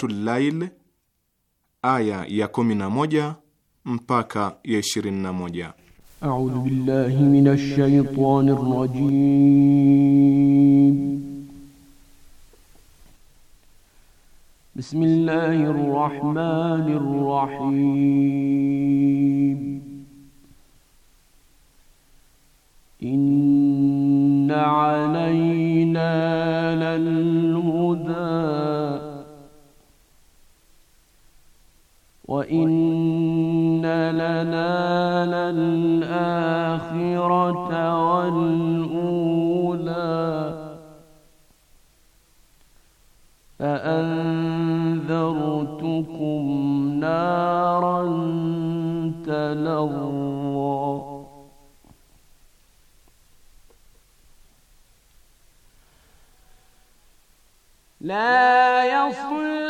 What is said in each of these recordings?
Suratul Lail aya ya kumi na moja mpaka ya 21. A'udhu billahi minash shaitanir rajim. Bismillahir rahmanir rahim. لنا للآخرة والأولى فأنذرتكم نارا تلظى لا يصلى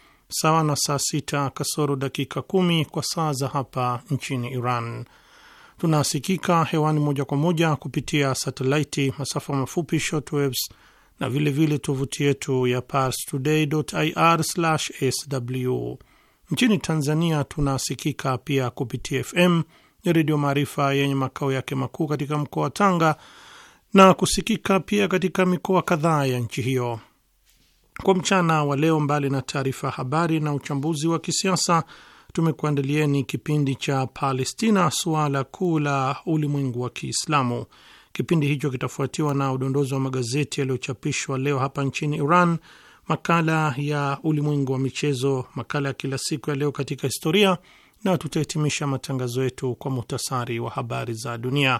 sawa na saa sita kasoro dakika kumi kwa saa za hapa nchini Iran. Tunasikika hewani moja kwa moja kupitia satelaiti, masafa mafupi shortwaves na vilevile tovuti yetu ya parstoday.ir/sw. Nchini Tanzania tunasikika pia kupitia FM ni Redio Maarifa yenye makao yake makuu katika mkoa wa Tanga na kusikika pia katika mikoa kadhaa ya nchi hiyo. Kwa mchana wa leo, mbali na taarifa ya habari na uchambuzi wa kisiasa, tumekuandalieni kipindi cha Palestina, suala kuu la ulimwengu wa Kiislamu. Kipindi hicho kitafuatiwa na udondozi wa magazeti yaliyochapishwa leo hapa nchini Iran, makala ya ulimwengu wa michezo, makala ya kila siku ya leo katika historia, na tutahitimisha matangazo yetu kwa muhtasari wa habari za dunia.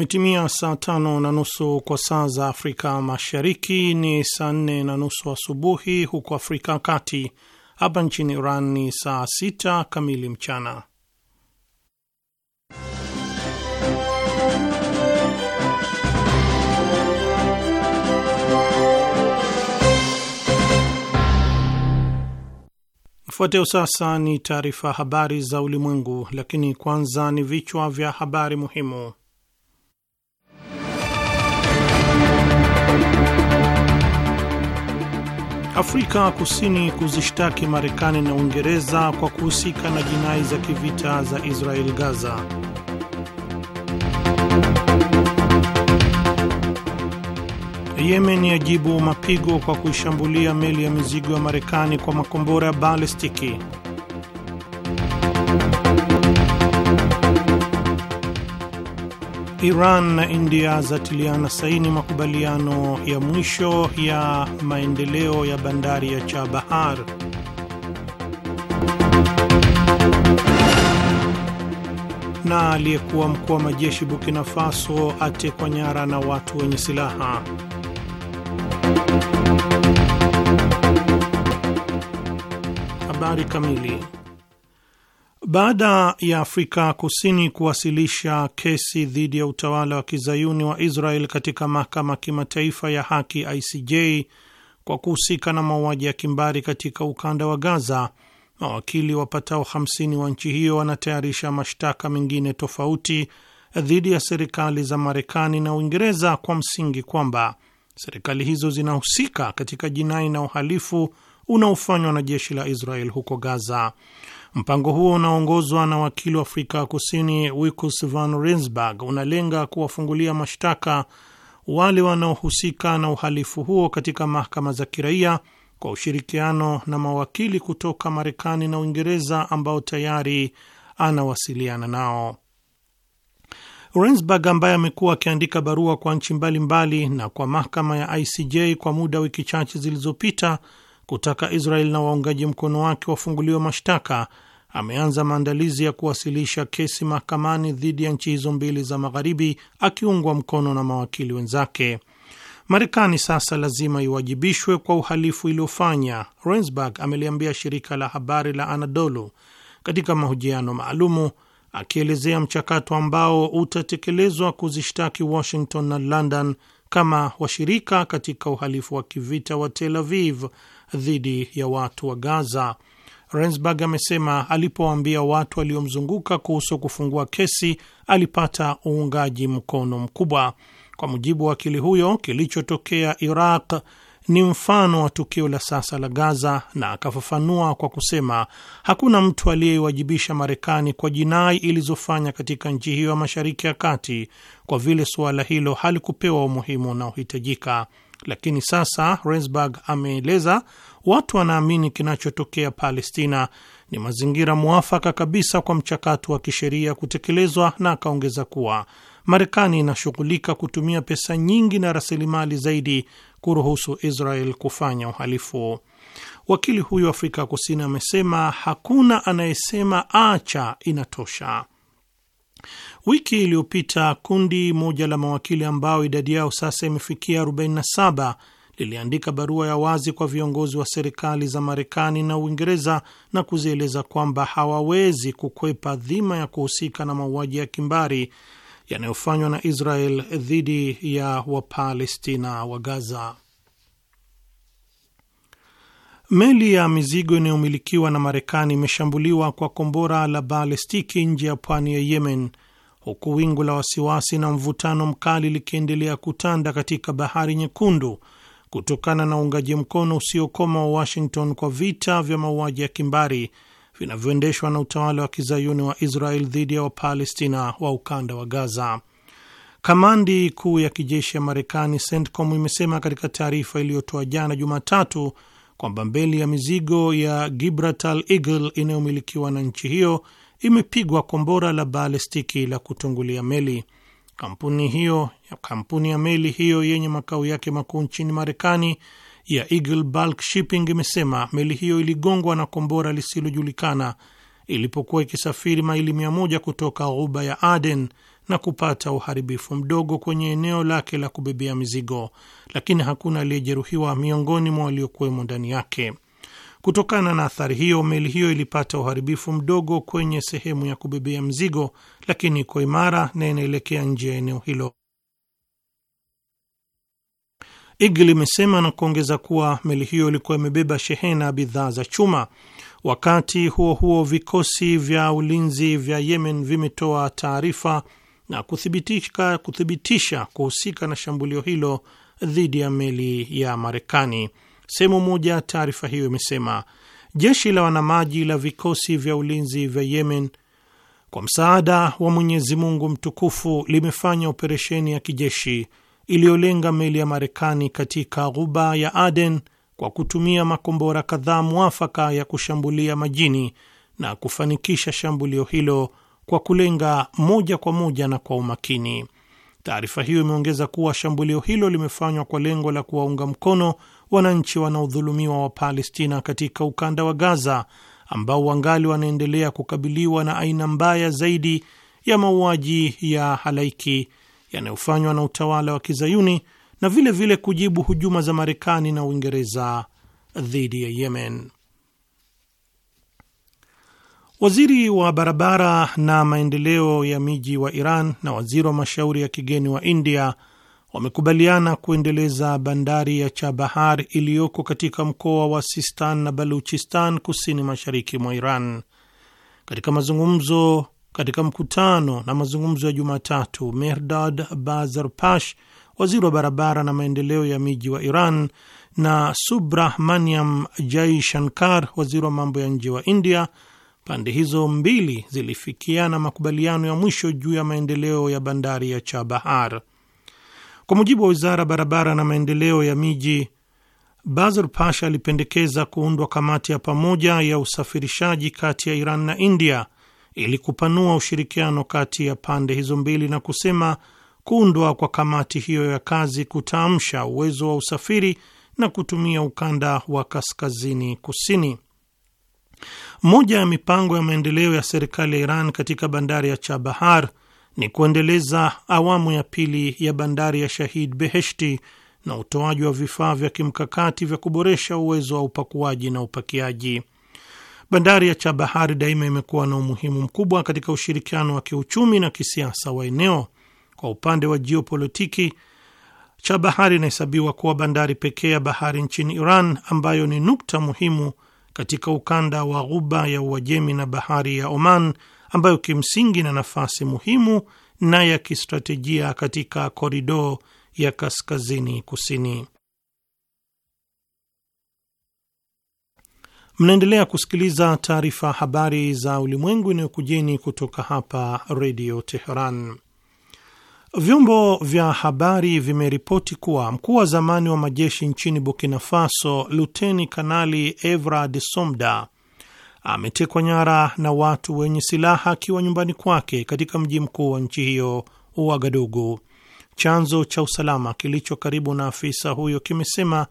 Imetimia saa tano na nusu kwa saa za Afrika Mashariki, ni saa nne na nusu asubuhi huko Afrika Kati. Hapa nchini Iran ni saa sita kamili mchana. Ifuatayo sasa ni taarifa habari za ulimwengu, lakini kwanza ni vichwa vya habari muhimu. Afrika Kusini kuzishtaki Marekani na Uingereza kwa kuhusika na jinai za kivita za Israel Gaza. Yemen yajibu mapigo kwa kuishambulia meli ya mizigo ya Marekani kwa makombora ya balistiki. Iran na India zatiliana saini makubaliano ya mwisho ya maendeleo ya bandari ya Chabahar. Na aliyekuwa mkuu wa majeshi Burkina Faso atekwa nyara na watu wenye silaha. Habari kamili baada ya Afrika Kusini kuwasilisha kesi dhidi ya utawala wa kizayuni wa Israel katika mahakama kimataifa ya haki ICJ kwa kuhusika na mauaji ya kimbari katika ukanda wa Gaza, mawakili wapatao 50 wa nchi hiyo wanatayarisha mashtaka mengine tofauti dhidi ya serikali za Marekani na Uingereza kwa msingi kwamba serikali hizo zinahusika katika jinai na uhalifu unaofanywa na jeshi la Israel huko Gaza. Mpango huo unaoongozwa na wakili wa Afrika Kusini Wikus van Rensburg unalenga kuwafungulia mashtaka wale wanaohusika na uhalifu huo katika mahakama za kiraia kwa ushirikiano na mawakili kutoka Marekani na Uingereza ambao tayari anawasiliana nao. Rensburg ambaye amekuwa akiandika barua kwa nchi mbalimbali na kwa mahakama ya ICJ kwa muda wiki chache zilizopita kutaka Israel na waungaji mkono wake wafunguliwe mashtaka, ameanza maandalizi ya kuwasilisha kesi mahakamani dhidi ya nchi hizo mbili za Magharibi, akiungwa mkono na mawakili wenzake. Marekani sasa lazima iwajibishwe kwa uhalifu iliyofanya, Rensburg ameliambia shirika la habari la Anadolu katika mahojiano maalumu, akielezea mchakato ambao utatekelezwa kuzishtaki Washington na London kama washirika katika uhalifu wa kivita wa Tel Aviv dhidi ya watu wa Gaza. Rensburg amesema alipoambia watu waliomzunguka kuhusu kufungua kesi alipata uungaji mkono mkubwa. Kwa mujibu wa wakili huyo, kilichotokea Iraq ni mfano wa tukio la sasa la Gaza, na akafafanua kwa kusema hakuna mtu aliyeiwajibisha Marekani kwa jinai ilizofanya katika nchi hiyo ya Mashariki ya Kati, kwa vile suala hilo halikupewa umuhimu unaohitajika. Lakini sasa Rensburg ameeleza watu wanaamini kinachotokea Palestina ni mazingira mwafaka kabisa kwa mchakato wa kisheria kutekelezwa, na akaongeza kuwa Marekani inashughulika kutumia pesa nyingi na rasilimali zaidi kuruhusu Israel kufanya uhalifu. Wakili huyo Afrika Kusini amesema hakuna anayesema acha, inatosha. Wiki iliyopita kundi moja la mawakili ambao idadi yao sasa imefikia 47 liliandika barua ya wazi kwa viongozi wa serikali za Marekani na Uingereza na kuzieleza kwamba hawawezi kukwepa dhima ya kuhusika na mauaji ya kimbari yanayofanywa na Israel dhidi ya Wapalestina wa Gaza. Meli ya mizigo inayomilikiwa na Marekani imeshambuliwa kwa kombora la balestiki nje ya pwani ya Yemen huku wingu la wasiwasi na mvutano mkali likiendelea kutanda katika bahari nyekundu kutokana na uungaji mkono usiokoma wa Washington kwa vita vya mauaji ya kimbari vinavyoendeshwa na utawala wa kizayuni wa Israel dhidi ya Wapalestina wa ukanda wa Gaza. Kamandi kuu ya kijeshi ya Marekani, CENTCOM, imesema katika taarifa iliyotoa jana Jumatatu kwamba meli ya mizigo ya Gibraltar Eagle inayomilikiwa na nchi hiyo imepigwa kombora la balestiki la kutungulia meli. Kampuni hiyo kampuni ya meli hiyo yenye makao yake makuu nchini Marekani ya Eagle Bulk Shipping imesema meli hiyo iligongwa na kombora lisilojulikana ilipokuwa ikisafiri maili mia moja kutoka ghuba ya Aden na kupata uharibifu mdogo kwenye eneo lake la kubebea mizigo, lakini hakuna aliyejeruhiwa miongoni mwa waliokuwemo ndani yake. Kutokana na athari hiyo, meli hiyo ilipata uharibifu mdogo kwenye sehemu ya kubebea mzigo, lakini iko imara na inaelekea nje ya eneo hilo. IGL imesema na kuongeza kuwa meli hiyo ilikuwa imebeba shehena bidhaa za chuma. Wakati huo huo, vikosi vya ulinzi vya Yemen vimetoa taarifa na kuthibitisha, kuthibitisha kuhusika na shambulio hilo dhidi ya meli ya Marekani. Sehemu moja ya taarifa hiyo imesema jeshi la wanamaji la vikosi vya ulinzi vya Yemen kwa msaada wa Mwenyezi Mungu mtukufu limefanya operesheni ya kijeshi iliyolenga meli ya Marekani katika ghuba ya Aden kwa kutumia makombora kadhaa mwafaka ya kushambulia majini na kufanikisha shambulio hilo kwa kulenga moja kwa moja na kwa umakini. Taarifa hiyo imeongeza kuwa shambulio hilo limefanywa kwa lengo la kuwaunga mkono wananchi wanaodhulumiwa wa Palestina katika ukanda wa Gaza ambao wangali wanaendelea kukabiliwa na aina mbaya zaidi ya mauaji ya halaiki yanayofanywa na utawala wa Kizayuni na vilevile vile kujibu hujuma za Marekani na Uingereza dhidi ya Yemen. Waziri wa barabara na maendeleo ya miji wa Iran na waziri wa mashauri ya kigeni wa India wamekubaliana kuendeleza bandari ya Chabahar iliyoko katika mkoa wa Sistan na Baluchistan kusini mashariki mwa Iran. Katika mazungumzo katika mkutano na mazungumzo ya Jumatatu, Mehrdad Bazarpash, waziri wa barabara na maendeleo ya miji wa Iran, na Subrahmanyam Jai Shankar, waziri wa mambo ya nje wa India Pande hizo mbili zilifikiana makubaliano ya mwisho juu ya maendeleo ya bandari ya Chabahar. Kwa mujibu wa wizara barabara na maendeleo ya miji, Bazar Pasha alipendekeza kuundwa kamati ya pamoja ya usafirishaji kati ya Iran na India ili kupanua ushirikiano kati ya pande hizo mbili, na kusema kuundwa kwa kamati hiyo ya kazi kutaamsha uwezo wa usafiri na kutumia ukanda wa kaskazini kusini. Moja ya mipango ya maendeleo ya serikali ya Iran katika bandari ya Chabahar ni kuendeleza awamu ya pili ya bandari ya Shahid Beheshti na utoaji wa vifaa vya kimkakati vya kuboresha uwezo wa upakuaji na upakiaji. Bandari ya Chabahar daima imekuwa na umuhimu mkubwa katika ushirikiano wa kiuchumi na kisiasa wa eneo. Kwa upande wa jiopolitiki, Chabahar inahesabiwa kuwa bandari pekee ya bahari nchini Iran ambayo ni nukta muhimu katika ukanda wa ghuba ya Uajemi na bahari ya Oman ambayo kimsingi na nafasi muhimu na ya kistratejia katika korido ya kaskazini kusini. Mnaendelea kusikiliza taarifa habari za ulimwengu inayokujeni kutoka hapa Redio Teheran. Vyombo vya habari vimeripoti kuwa mkuu wa zamani wa majeshi nchini Burkina Faso, luteni kanali evrad Somda ametekwa nyara na watu wenye silaha akiwa nyumbani kwake katika mji mkuu wa nchi hiyo Uagadugu. Chanzo cha usalama kilicho karibu na afisa huyo kimesema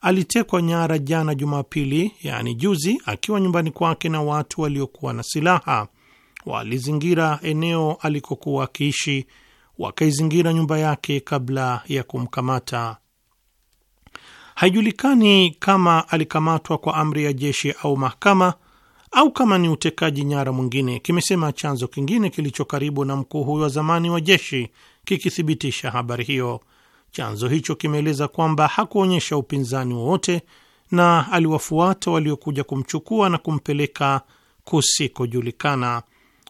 alitekwa nyara jana Jumapili, yaani juzi, akiwa nyumbani kwake na watu waliokuwa na silaha. Walizingira eneo alikokuwa akiishi wakaizingira nyumba yake kabla ya kumkamata. Haijulikani kama alikamatwa kwa amri ya jeshi au mahakama au kama ni utekaji nyara mwingine, kimesema chanzo kingine kilicho karibu na mkuu huyo wa zamani wa jeshi kikithibitisha habari hiyo. Chanzo hicho kimeeleza kwamba hakuonyesha upinzani wowote na aliwafuata waliokuja kumchukua na kumpeleka kusikojulikana.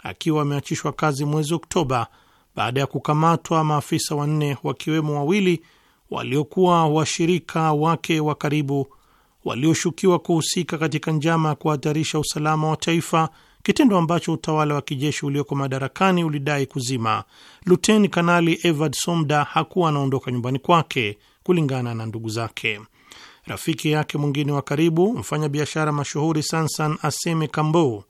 Akiwa ameachishwa kazi mwezi Oktoba, baada ya kukamatwa maafisa wanne wakiwemo wawili waliokuwa washirika wake wa karibu walioshukiwa kuhusika katika njama ya kuhatarisha usalama wa taifa, kitendo ambacho utawala wa kijeshi ulioko madarakani ulidai kuzima. Luteni Kanali Evard Somda hakuwa anaondoka nyumbani kwake, kulingana na ndugu zake. Rafiki yake mwingine wa karibu, mfanyabiashara mashuhuri Sansan Aseme Kambo,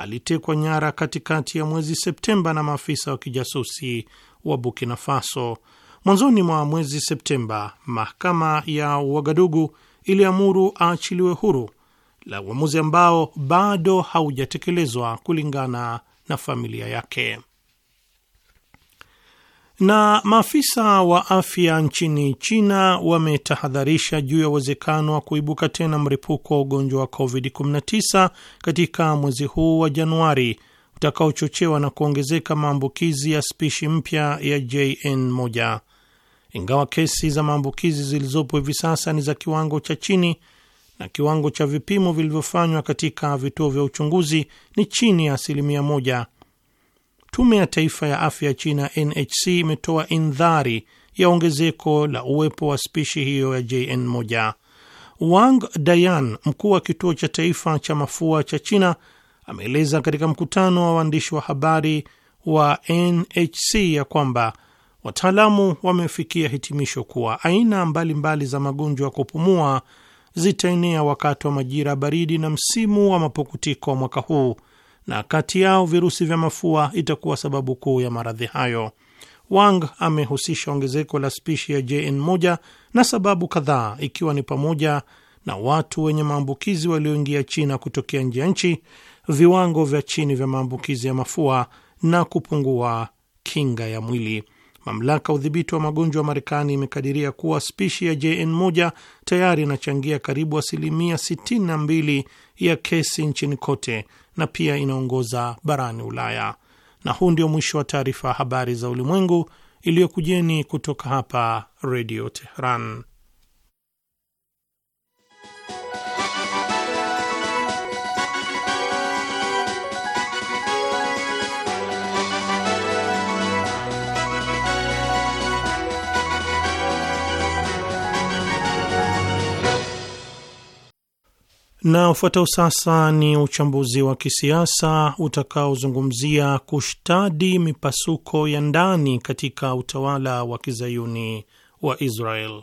alitekwa nyara katikati ya mwezi Septemba na maafisa wa kijasusi wa Burkina Faso. Mwanzoni mwa mwezi Septemba, mahakama ya Wagadugu iliamuru aachiliwe huru, la uamuzi ambao bado haujatekelezwa kulingana na familia yake. Na maafisa wa afya nchini China wametahadharisha juu ya uwezekano wa kuibuka tena mripuko wa ugonjwa wa COVID-19 katika mwezi huu wa Januari utakaochochewa na kuongezeka maambukizi ya spishi mpya ya JN1. Ingawa kesi za maambukizi zilizopo hivi sasa ni za kiwango cha chini na kiwango cha vipimo vilivyofanywa katika vituo vya uchunguzi ni chini ya asilimia moja Tume ya Taifa ya Afya ya China NHC imetoa indhari ya ongezeko la uwepo wa spishi hiyo ya JN1. Wang Dayan, mkuu wa kituo cha taifa cha mafua cha China, ameeleza katika mkutano wa waandishi wa habari wa NHC ya kwamba wataalamu wamefikia hitimisho kuwa aina mbalimbali mbali za magonjwa ya kupumua zitaenea wakati wa majira baridi na msimu wa mapukutiko mwaka huu na kati yao virusi vya mafua itakuwa sababu kuu ya maradhi hayo. Wang amehusisha ongezeko la spishi ya JN1 na sababu kadhaa, ikiwa ni pamoja na watu wenye maambukizi walioingia China kutokea nje ya nchi, viwango vya chini vya maambukizi ya mafua na kupungua kinga ya mwili. Mamlaka ya udhibiti wa magonjwa wa Marekani imekadiria kuwa spishi ya JN1 tayari inachangia karibu asilimia 62 ya kesi nchini kote na pia inaongoza barani Ulaya. Na huu ndio mwisho wa taarifa ya habari za ulimwengu iliyokujeni kutoka hapa Redio Teheran. Na ufuatao sasa ni uchambuzi wa kisiasa utakaozungumzia kushtadi mipasuko ya ndani katika utawala wa kizayuni wa Israel.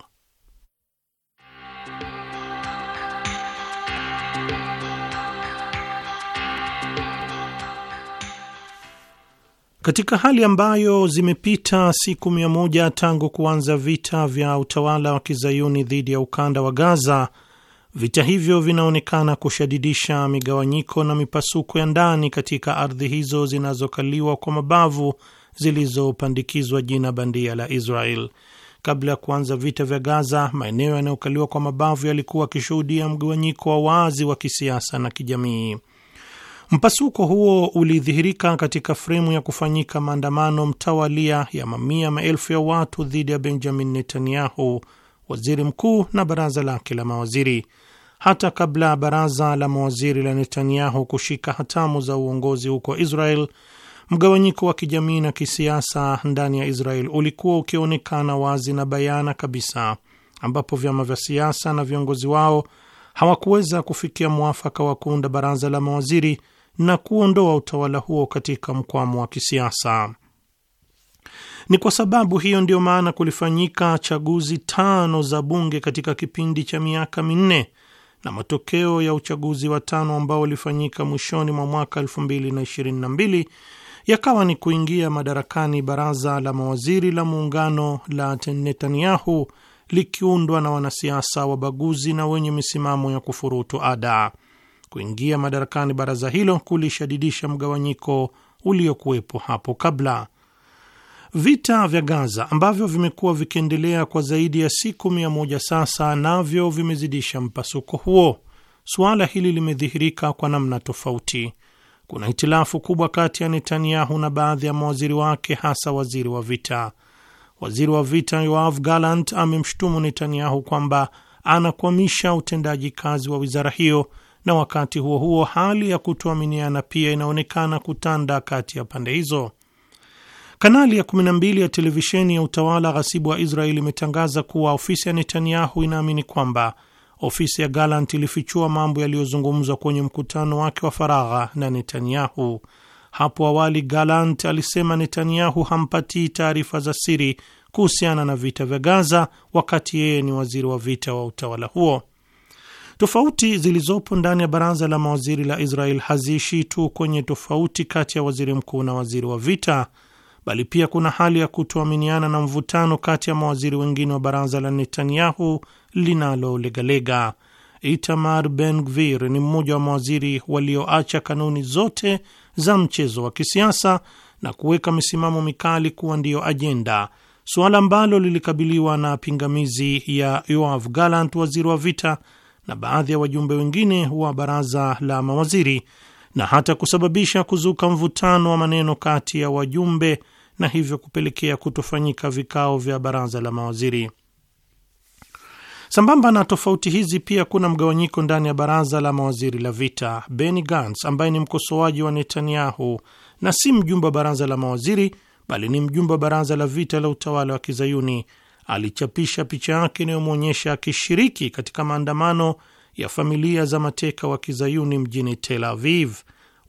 Katika hali ambayo zimepita siku mia moja tangu kuanza vita vya utawala wa kizayuni dhidi ya ukanda wa Gaza, Vita hivyo vinaonekana kushadidisha migawanyiko na mipasuko ya ndani katika ardhi hizo zinazokaliwa kwa mabavu zilizopandikizwa jina bandia la Israel. Kabla ya kuanza vita vya Gaza, maeneo yanayokaliwa kwa mabavu yalikuwa akishuhudia mgawanyiko wa wazi wa kisiasa na kijamii. Mpasuko huo ulidhihirika katika fremu ya kufanyika maandamano mtawalia ya mamia maelfu ya watu dhidi ya Benjamin Netanyahu, waziri mkuu na baraza lake la mawaziri hata kabla baraza la mawaziri la Netanyahu kushika hatamu za uongozi huko Israel, mgawanyiko wa kijamii na kisiasa ndani ya Israel ulikuwa ukionekana wazi na bayana kabisa, ambapo vyama vya siasa na viongozi wao hawakuweza kufikia mwafaka wa kuunda baraza la mawaziri na kuondoa utawala huo katika mkwamo wa kisiasa. Ni kwa sababu hiyo ndiyo maana kulifanyika chaguzi tano za bunge katika kipindi cha miaka minne na matokeo ya uchaguzi wa tano ambao ulifanyika mwishoni mwa mwaka 2022 yakawa ni kuingia madarakani baraza la mawaziri la muungano la Netanyahu likiundwa na wanasiasa wabaguzi na wenye misimamo ya kufurutu ada. Kuingia madarakani baraza hilo kulishadidisha mgawanyiko uliokuwepo hapo kabla. Vita vya Gaza ambavyo vimekuwa vikiendelea kwa zaidi ya siku mia moja sasa, navyo vimezidisha mpasuko huo. Suala hili limedhihirika kwa namna tofauti. Kuna hitilafu kubwa kati ya Netanyahu na baadhi ya mawaziri wake, hasa waziri wa vita. Waziri wa vita Yoav Gallant amemshutumu Netanyahu kwamba anakwamisha utendaji kazi wa wizara hiyo, na wakati huo huo hali ya kutoaminiana pia inaonekana kutanda kati ya pande hizo. Kanali ya 12 ya televisheni ya utawala ghasibu wa Israeli imetangaza kuwa ofisi ya Netanyahu inaamini kwamba ofisi ya galant ilifichua mambo yaliyozungumzwa kwenye mkutano wake wa faragha na Netanyahu. Hapo awali, galant alisema Netanyahu hampatii taarifa za siri kuhusiana na vita vya Gaza wakati yeye ni waziri wa vita wa utawala huo. Tofauti zilizopo ndani ya baraza la mawaziri la Israel haziishii tu kwenye tofauti kati ya waziri mkuu na waziri wa vita, bali pia kuna hali ya kutoaminiana na mvutano kati ya mawaziri wengine wa baraza la Netanyahu linalolegalega. Itamar Ben Gvir ni mmoja wa mawaziri walioacha kanuni zote za mchezo wa kisiasa na kuweka misimamo mikali kuwa ndiyo ajenda, suala ambalo lilikabiliwa na pingamizi ya Yoav Gallant, waziri wa vita, na baadhi ya wajumbe wengine wa baraza la mawaziri na hata kusababisha kuzuka mvutano wa maneno kati ya wajumbe na hivyo kupelekea kutofanyika vikao vya baraza la mawaziri. Sambamba na tofauti hizi, pia kuna mgawanyiko ndani ya baraza la mawaziri la vita. Benny Gantz ambaye ni mkosoaji wa Netanyahu na si mjumbe wa baraza la mawaziri bali ni mjumbe wa baraza la vita la utawala wa kizayuni alichapisha picha yake inayomwonyesha akishiriki katika maandamano ya familia za mateka wa kizayuni mjini Tel Aviv.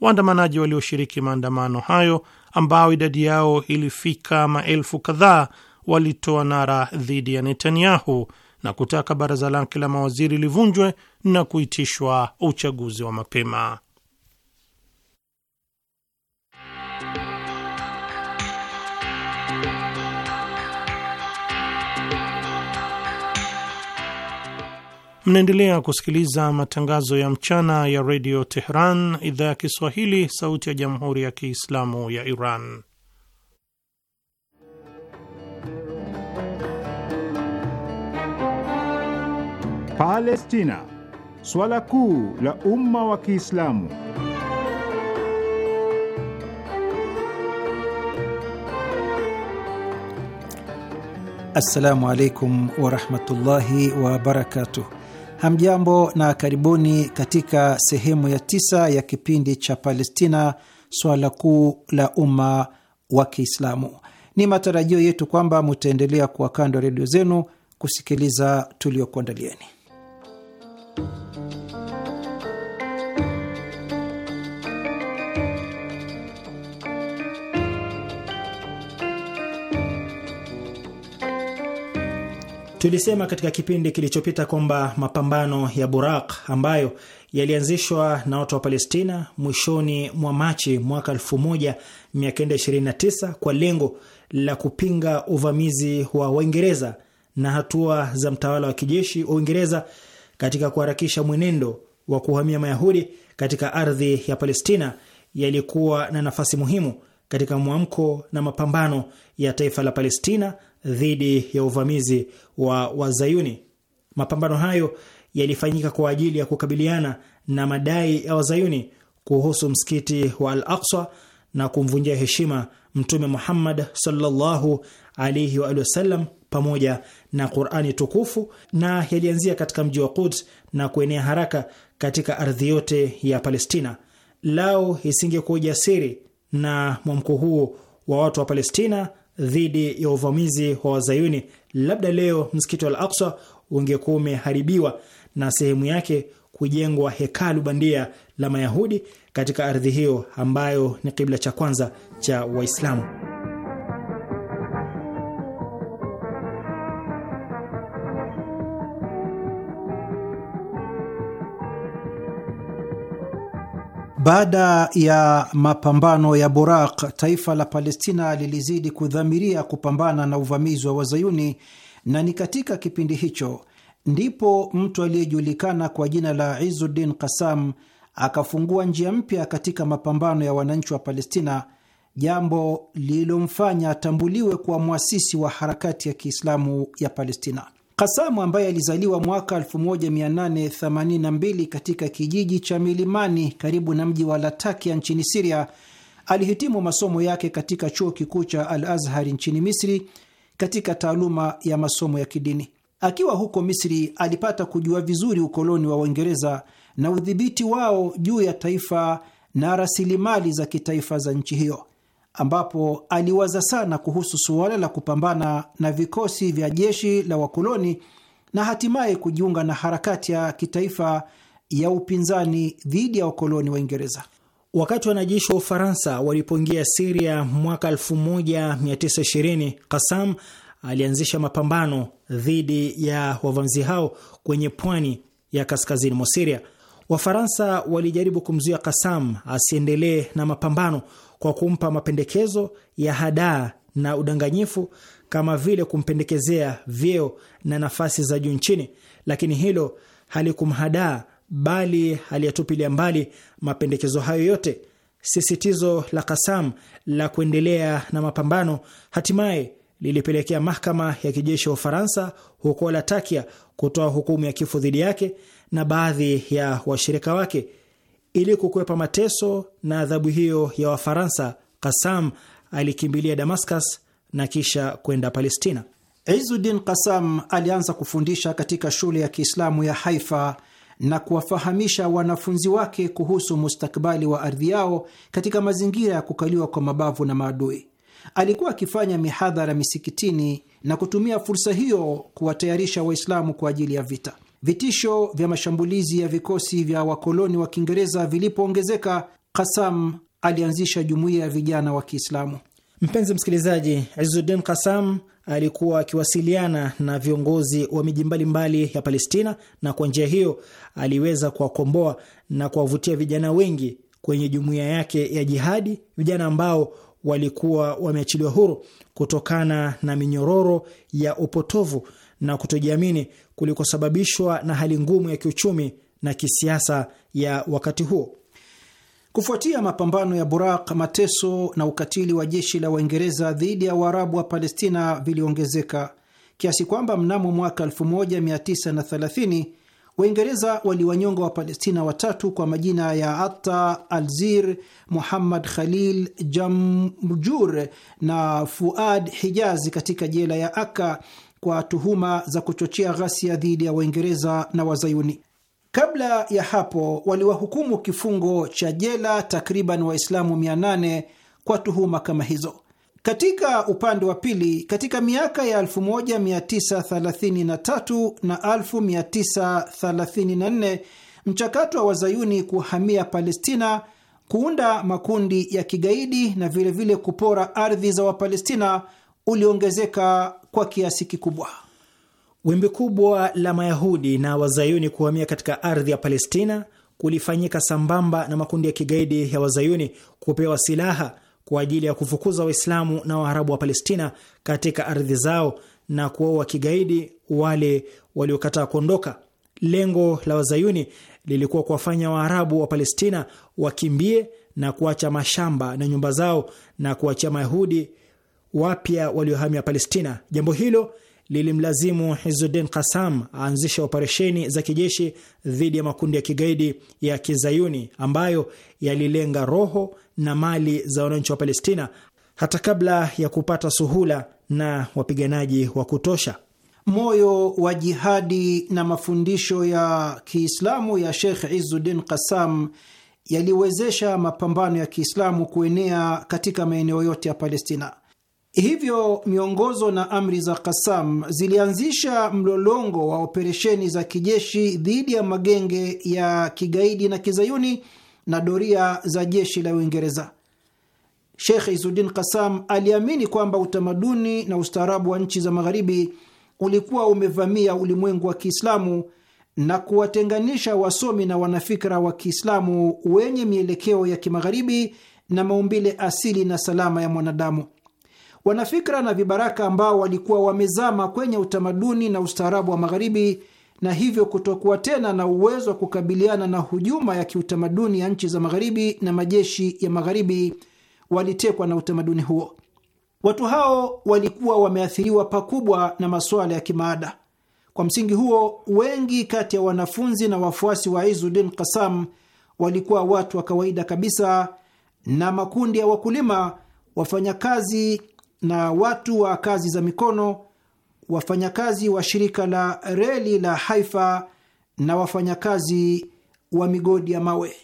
Waandamanaji walioshiriki maandamano hayo ambao idadi yao ilifika maelfu kadhaa walitoa nara dhidi ya Netanyahu na kutaka baraza lake la mawaziri livunjwe na kuitishwa uchaguzi wa mapema. Mnaendelea kusikiliza matangazo ya mchana ya redio Tehran, idhaa ya Kiswahili, sauti ya jamhuri ya kiislamu ya Iran. Palestina, swala kuu la umma wa Kiislamu. Assalamu alaikum warahmatullahi wabarakatuh. Hamjambo na karibuni katika sehemu ya tisa ya kipindi cha Palestina, swala kuu la umma wa Kiislamu. Ni matarajio yetu kwamba mutaendelea kuwa kando redio zenu kusikiliza tuliokuandalieni. Tulisema katika kipindi kilichopita kwamba mapambano ya Buraq ambayo yalianzishwa na watu wa Palestina mwishoni mwa Machi mwaka 1929 kwa lengo la kupinga uvamizi wa Waingereza na hatua za mtawala wa kijeshi wa Uingereza katika kuharakisha mwenendo wa kuhamia Mayahudi katika ardhi ya Palestina yalikuwa na nafasi muhimu katika mwamko na mapambano ya taifa la Palestina dhidi ya uvamizi wa Wazayuni. Mapambano hayo yalifanyika kwa ajili ya kukabiliana na madai ya Wazayuni kuhusu msikiti wa Al Aqsa na kumvunjia heshima Mtume Muhammad sallallahu alaihi wa wasallam pamoja na Qurani tukufu na yalianzia katika mji wa Quds na kuenea haraka katika ardhi yote ya Palestina. Lao isingekuwa ujasiri na mwamko huo wa watu wa Palestina dhidi ya uvamizi wa Wazayuni, labda leo msikiti wa Al-Aqsa ungekuwa umeharibiwa na sehemu yake kujengwa hekalu bandia la Mayahudi katika ardhi hiyo ambayo ni kibla cha kwanza cha Waislamu. Baada ya mapambano ya Borak, taifa la Palestina lilizidi kudhamiria kupambana na uvamizi wa Wazayuni, na ni katika kipindi hicho ndipo mtu aliyejulikana kwa jina la Izuddin Kasam akafungua njia mpya katika mapambano ya wananchi wa Palestina, jambo lililomfanya atambuliwe kwa mwasisi wa harakati ya Kiislamu ya Palestina. Kasamu ambaye alizaliwa mwaka 1882 katika kijiji cha milimani karibu na mji wa Latakia nchini Siria alihitimu masomo yake katika chuo kikuu cha Al azhari nchini Misri katika taaluma ya masomo ya kidini. Akiwa huko Misri alipata kujua vizuri ukoloni wa Uingereza na udhibiti wao juu ya taifa na rasilimali za kitaifa za nchi hiyo ambapo aliwaza sana kuhusu suala la kupambana na vikosi vya jeshi la wakoloni na hatimaye kujiunga na harakati ya kitaifa ya upinzani dhidi ya wakoloni wa Uingereza. Wakati wanajeshi wa Ufaransa walipoingia Siria mwaka 1920, Kasam alianzisha mapambano dhidi ya wavamizi hao kwenye pwani ya kaskazini mwa Siria. Wafaransa walijaribu kumzuia Kasam asiendelee na mapambano kwa kumpa mapendekezo ya hadaa na udanganyifu kama vile kumpendekezea vyeo na nafasi za juu nchini, lakini hilo halikumhadaa bali aliyatupilia mbali mapendekezo hayo yote. Sisitizo la Kasam la kuendelea na mapambano hatimaye lilipelekea mahakama ya kijeshi ya Ufaransa huko Latakia kutoa hukumu ya kifo dhidi yake na baadhi ya washirika wake. Ili kukwepa mateso na adhabu hiyo ya Wafaransa, Kasam alikimbilia Damascus na kisha kwenda Palestina. Izuddin Kasam alianza kufundisha katika shule ya Kiislamu ya Haifa na kuwafahamisha wanafunzi wake kuhusu mustakbali wa ardhi yao katika mazingira ya kukaliwa kwa mabavu na maadui. Alikuwa akifanya mihadhara misikitini na kutumia fursa hiyo kuwatayarisha Waislamu kwa ajili ya vita. Vitisho vya mashambulizi ya vikosi vya wakoloni wa Kiingereza vilipoongezeka, Kasam alianzisha jumuiya ya vijana wa Kiislamu. Mpenzi msikilizaji, Izuddin Kasam alikuwa akiwasiliana na viongozi wa miji mbalimbali ya Palestina na kwa njia hiyo aliweza kuwakomboa na kuwavutia vijana wengi kwenye jumuiya yake ya jihadi, vijana ambao walikuwa wameachiliwa huru kutokana na minyororo ya upotovu na kutojiamini kulikosababishwa na hali ngumu ya kiuchumi na kisiasa ya wakati huo. Kufuatia mapambano ya Burak, mateso na ukatili wa jeshi la Waingereza dhidi ya Waarabu wa Palestina viliongezeka kiasi kwamba mnamo mwaka 1930 Waingereza waliwanyonga Wapalestina watatu kwa majina ya Atta Alzir, Muhammad Khalil Jamjur na Fuad Hijazi katika jela ya Aka kwa tuhuma za kuchochea ghasia dhidi ya Waingereza na Wazayuni. Kabla ya hapo, waliwahukumu kifungo cha jela takriban Waislamu 800 kwa tuhuma kama hizo. Katika upande wa pili, katika miaka ya 1933 na 1934 mchakato wa Wazayuni kuhamia Palestina, kuunda makundi ya kigaidi na vilevile vile kupora ardhi za Wapalestina uliongezeka kwa kiasi kikubwa. Wimbi kubwa la Mayahudi na Wazayuni kuhamia katika ardhi ya Palestina kulifanyika sambamba na makundi ya kigaidi ya Wazayuni kupewa silaha kwa ajili ya kufukuza Waislamu na Waarabu wa Palestina katika ardhi zao na kuwaua kigaidi wale waliokataa kuondoka. Lengo la Wazayuni lilikuwa kuwafanya Waarabu wa Palestina wakimbie na kuacha mashamba na nyumba zao na kuachia Mayahudi wapya waliohamia Palestina. Jambo hilo lilimlazimu Hizudin Kasam aanzisha operesheni za kijeshi dhidi ya makundi ya kigaidi ya kizayuni ambayo yalilenga roho na mali za wananchi wa Palestina hata kabla ya kupata suhula na wapiganaji wa kutosha. Moyo wa jihadi na mafundisho ya Kiislamu ya Sheikh Izuddin kasam yaliwezesha mapambano ya Kiislamu kuenea katika maeneo yote ya Palestina. Hivyo miongozo na amri za Kasam zilianzisha mlolongo wa operesheni za kijeshi dhidi ya magenge ya kigaidi na kizayuni na doria za jeshi la Uingereza. Sheikh Izudin Kasam aliamini kwamba utamaduni na ustaarabu wa nchi za magharibi ulikuwa umevamia ulimwengu wa Kiislamu na kuwatenganisha wasomi na wanafikra wa Kiislamu wenye mielekeo ya kimagharibi na maumbile asili na salama ya mwanadamu wanafikra na vibaraka ambao walikuwa wamezama kwenye utamaduni na ustaarabu wa Magharibi na hivyo kutokuwa tena na uwezo wa kukabiliana na hujuma ya kiutamaduni ya nchi za Magharibi na majeshi ya Magharibi walitekwa na utamaduni huo. Watu hao walikuwa wameathiriwa pakubwa na masuala ya kimaada. Kwa msingi huo, wengi kati ya wanafunzi na wafuasi wa Izuddin Kasam walikuwa watu wa kawaida kabisa na makundi ya wakulima, wafanyakazi na watu wa kazi za mikono, wafanyakazi wa shirika la reli la Haifa na wafanyakazi wa migodi ya mawe.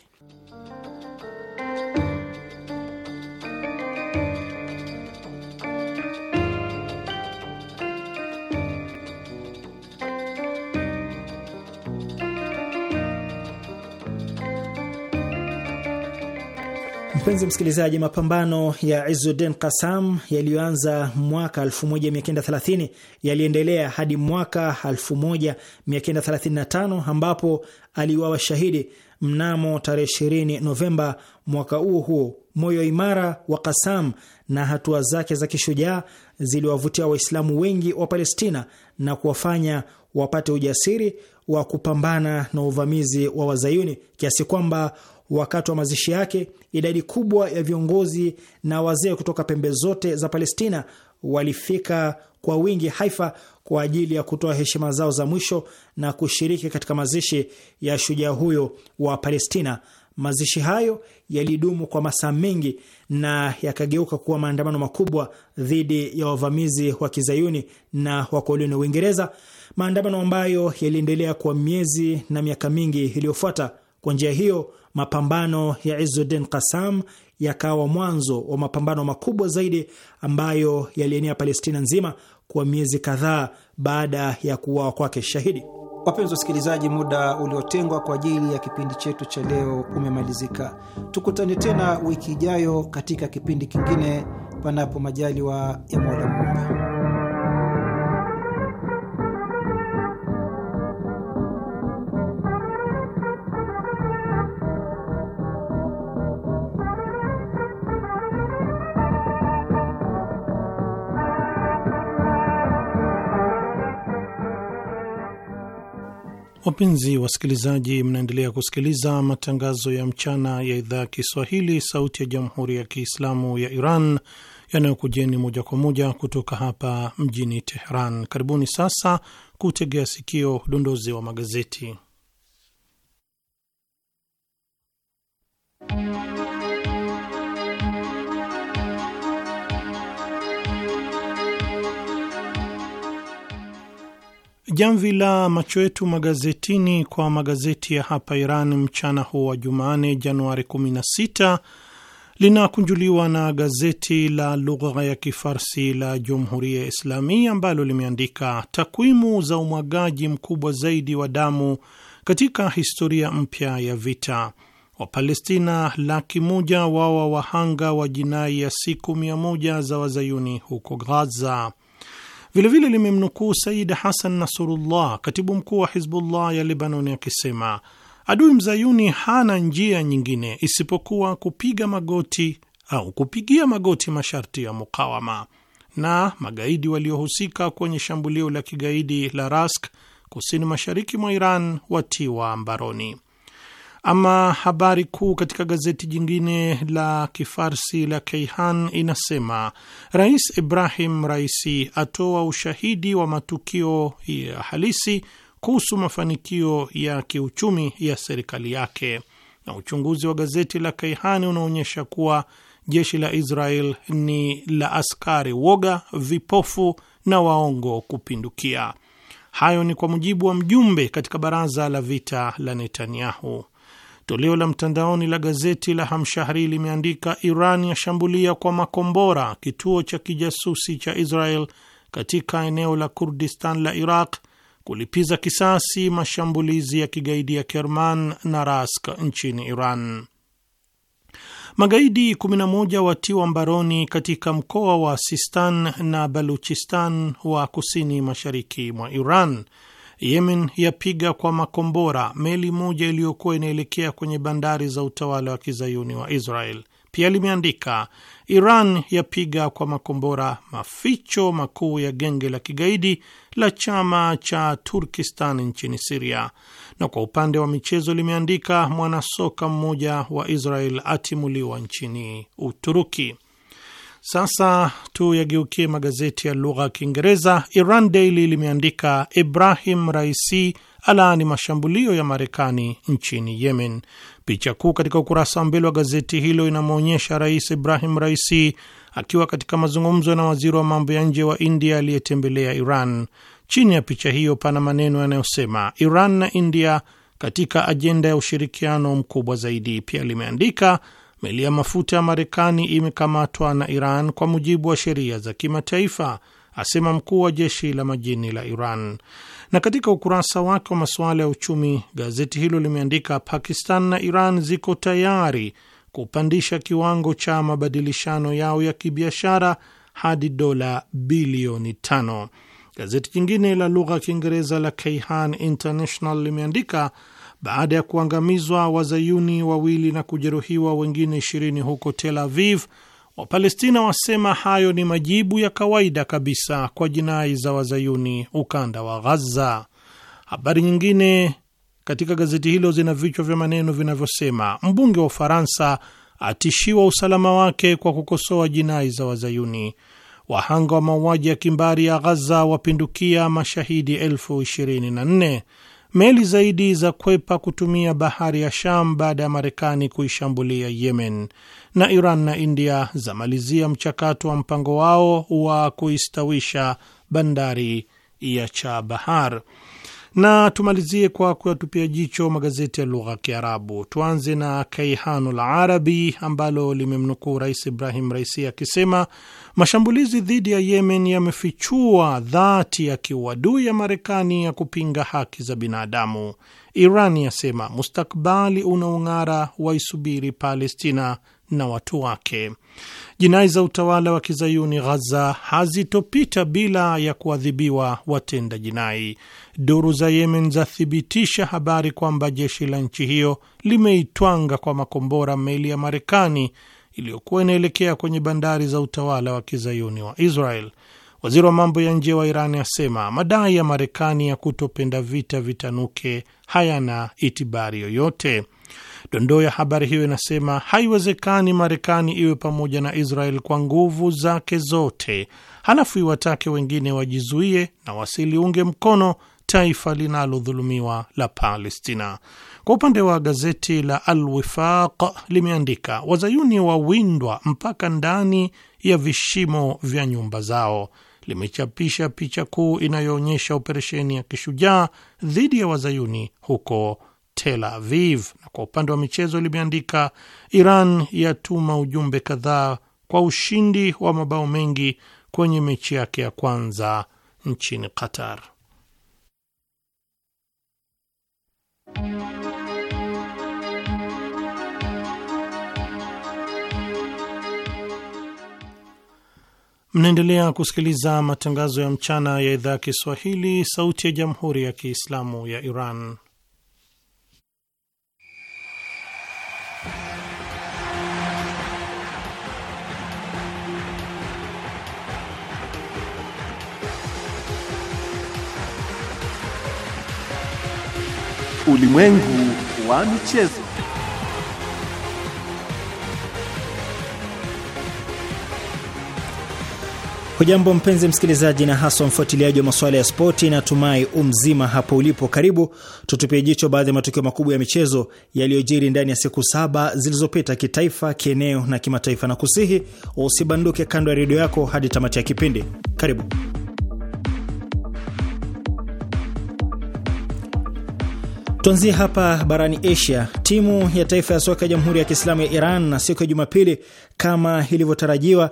Mpenzi msikilizaji, mapambano ya izudin Kasam yaliyoanza mwaka 1930 yaliendelea hadi mwaka 1935 ambapo aliuawa shahidi mnamo tarehe 20 Novemba mwaka huo huo. Moyo imara wa Kasam na hatua zake za kishujaa ziliwavutia Waislamu wengi wa Palestina na kuwafanya wapate ujasiri wa kupambana na uvamizi wa Wazayuni kiasi kwamba wakati wa mazishi yake, idadi kubwa ya viongozi na wazee kutoka pembe zote za Palestina walifika kwa wingi Haifa kwa ajili ya kutoa heshima zao za mwisho na kushiriki katika mazishi ya shujaa huyo wa Palestina. Mazishi hayo yalidumu kwa masaa mengi na yakageuka kuwa maandamano makubwa dhidi ya wavamizi wa kizayuni na wakoloni wa Uingereza, maandamano ambayo yaliendelea kwa miezi na miaka mingi iliyofuata. Kwa njia hiyo, mapambano ya izudin Kasam yakawa mwanzo wa mapambano makubwa zaidi ambayo yalienea Palestina nzima kwa miezi kadhaa baada ya kuuawa kwake shahidi. Wapenzi wasikilizaji, muda uliotengwa kwa ajili ya kipindi chetu cha leo umemalizika. Tukutane tena wiki ijayo katika kipindi kingine, panapo majaliwa ya Mola Muumba. Wapenzi wasikilizaji, mnaendelea kusikiliza matangazo ya mchana ya idhaa ya Kiswahili, Sauti ya Jamhuri ya Kiislamu ya Iran yanayokujeni moja kwa moja kutoka hapa mjini Teheran. Karibuni sasa kutegea sikio udondozi wa magazeti Jamvi la macho yetu magazetini kwa magazeti ya hapa Iran mchana huu wa Jumane, Januari 16 linakunjuliwa na gazeti la lugha ya Kifarsi la Jamhuri ya Islamia ambalo limeandika takwimu za umwagaji mkubwa zaidi wa damu katika historia mpya ya vita. Wapalestina laki moja wawa wahanga wa jinai ya siku mia moja za wazayuni huko Gaza. Vilevile limemnukuu Said Hasan Nasurullah, katibu mkuu wa Hizbullah ya Lebanoni, akisema adui mzayuni hana njia nyingine isipokuwa kupiga magoti au kupigia magoti masharti ya mukawama, na magaidi waliohusika kwenye shambulio la kigaidi la Rask kusini mashariki mwa Iran watiwa mbaroni. Ama habari kuu katika gazeti jingine la Kifarsi la Keihan inasema Rais Ibrahim Raisi atoa ushahidi wa matukio ya halisi kuhusu mafanikio ya kiuchumi ya serikali yake. Na uchunguzi wa gazeti la Keihan unaonyesha kuwa jeshi la Israel ni la askari woga, vipofu na waongo kupindukia. Hayo ni kwa mujibu wa mjumbe katika baraza la vita la Netanyahu. Toleo la mtandaoni la gazeti la Hamshahri limeandika Iran yashambulia kwa makombora kituo cha kijasusi cha Israel katika eneo la Kurdistan la Iraq kulipiza kisasi mashambulizi ya kigaidi ya Kerman na Rask nchini Iran. Magaidi 11 watiwa mbaroni katika mkoa wa Sistan na Baluchistan wa kusini mashariki mwa Iran. Yemen yapiga kwa makombora meli moja iliyokuwa inaelekea kwenye bandari za utawala wa kizayuni wa Israel. Pia limeandika Iran yapiga kwa makombora maficho makuu ya genge la kigaidi la chama cha Turkistan nchini Siria. Na kwa upande wa michezo limeandika mwanasoka mmoja wa Israel atimuliwa nchini Uturuki. Sasa tuyageukie magazeti ya lugha ya Kiingereza. Iran Daily limeandika Ibrahim Raisi alaani mashambulio ya Marekani nchini Yemen. Picha kuu katika ukurasa wa mbele wa gazeti hilo inamwonyesha Rais Ibrahim Raisi akiwa katika mazungumzo na waziri wa mambo ya nje wa India aliyetembelea Iran. Chini ya picha hiyo pana maneno yanayosema Iran na India katika ajenda ya ushirikiano mkubwa zaidi. Pia limeandika Meli ya mafuta ya Marekani imekamatwa na Iran kwa mujibu wa sheria za kimataifa, asema mkuu wa jeshi la majini la Iran. Na katika ukurasa wake wa masuala ya uchumi, gazeti hilo limeandika Pakistan na Iran ziko tayari kupandisha kiwango cha mabadilishano yao ya kibiashara hadi dola bilioni tano. Gazeti jingine la lugha ya Kiingereza la Kayhan International limeandika baada ya kuangamizwa wazayuni wawili na kujeruhiwa wengine ishirini huko Tel Aviv, Wapalestina wasema hayo ni majibu ya kawaida kabisa kwa jinai za wazayuni ukanda wa Ghaza. Habari nyingine katika gazeti hilo zina vichwa vya maneno vinavyosema mbunge wa Ufaransa atishiwa usalama wake kwa kukosoa jinai za wazayuni, wahanga wa mauaji ya kimbari ya Ghaza wapindukia mashahidi elfu ishirini na nne meli zaidi za kwepa kutumia bahari ya Sham baada ya Marekani kuishambulia Yemen, na Iran na India zamalizia mchakato wa mpango wao wa kuistawisha bandari ya Chabahar. Na tumalizie kwa kuyatupia jicho magazeti ya lugha ya Kiarabu. Tuanze na Kaihanul Arabi ambalo limemnukuu Rais Ibrahim Raisi akisema mashambulizi dhidi ya Yemen yamefichua dhati ya kiuadui ya Marekani ya kupinga haki za binadamu. Iran yasema mustakbali unaong'ara waisubiri Palestina na watu wake. Jinai za utawala wa kizayuni Ghaza hazitopita bila ya kuadhibiwa watenda jinai. Duru za Yemen zathibitisha habari kwamba jeshi la nchi hiyo limeitwanga kwa makombora meli ya Marekani iliyokuwa inaelekea kwenye bandari za utawala wa kizayuni wa Israel. Waziri wa mambo ya nje wa Irani asema madai ya Marekani ya kutopenda vita vitanuke hayana itibari yoyote. Dondoo ya habari hiyo inasema haiwezekani Marekani iwe pamoja na Israel kwa nguvu zake zote, halafu iwatake wengine wajizuie na wasiliunge mkono taifa linalodhulumiwa la Palestina. Kwa upande wa gazeti la Al Wifaq limeandika wazayuni wawindwa mpaka ndani ya vishimo vya nyumba zao. Limechapisha picha kuu inayoonyesha operesheni ya kishujaa dhidi ya wazayuni huko Tel Aviv kwa upande wa michezo, limeandika Iran yatuma ujumbe kadhaa kwa ushindi wa mabao mengi kwenye mechi yake ya kwanza nchini Qatar. Mnaendelea kusikiliza matangazo ya mchana ya idhaa ya Kiswahili, sauti ya jamhuri ya kiislamu ya Iran. Ulimwengu wa michezo. Hujambo mpenzi msikilizaji, na haswa mfuatiliaji wa masuala ya spoti, natumai umzima hapo ulipo. Karibu tutupie jicho baadhi ya matukio makubwa ya michezo yaliyojiri ndani ya siku saba zilizopita, kitaifa, kieneo na kimataifa, na kusihi usibanduke kando ya redio yako hadi tamati ya kipindi. Karibu. Tuanzie hapa barani Asia. Timu ya taifa ya soka ya Jamhuri ya Kiislamu ya Iran na siku ya Jumapili, kama ilivyotarajiwa,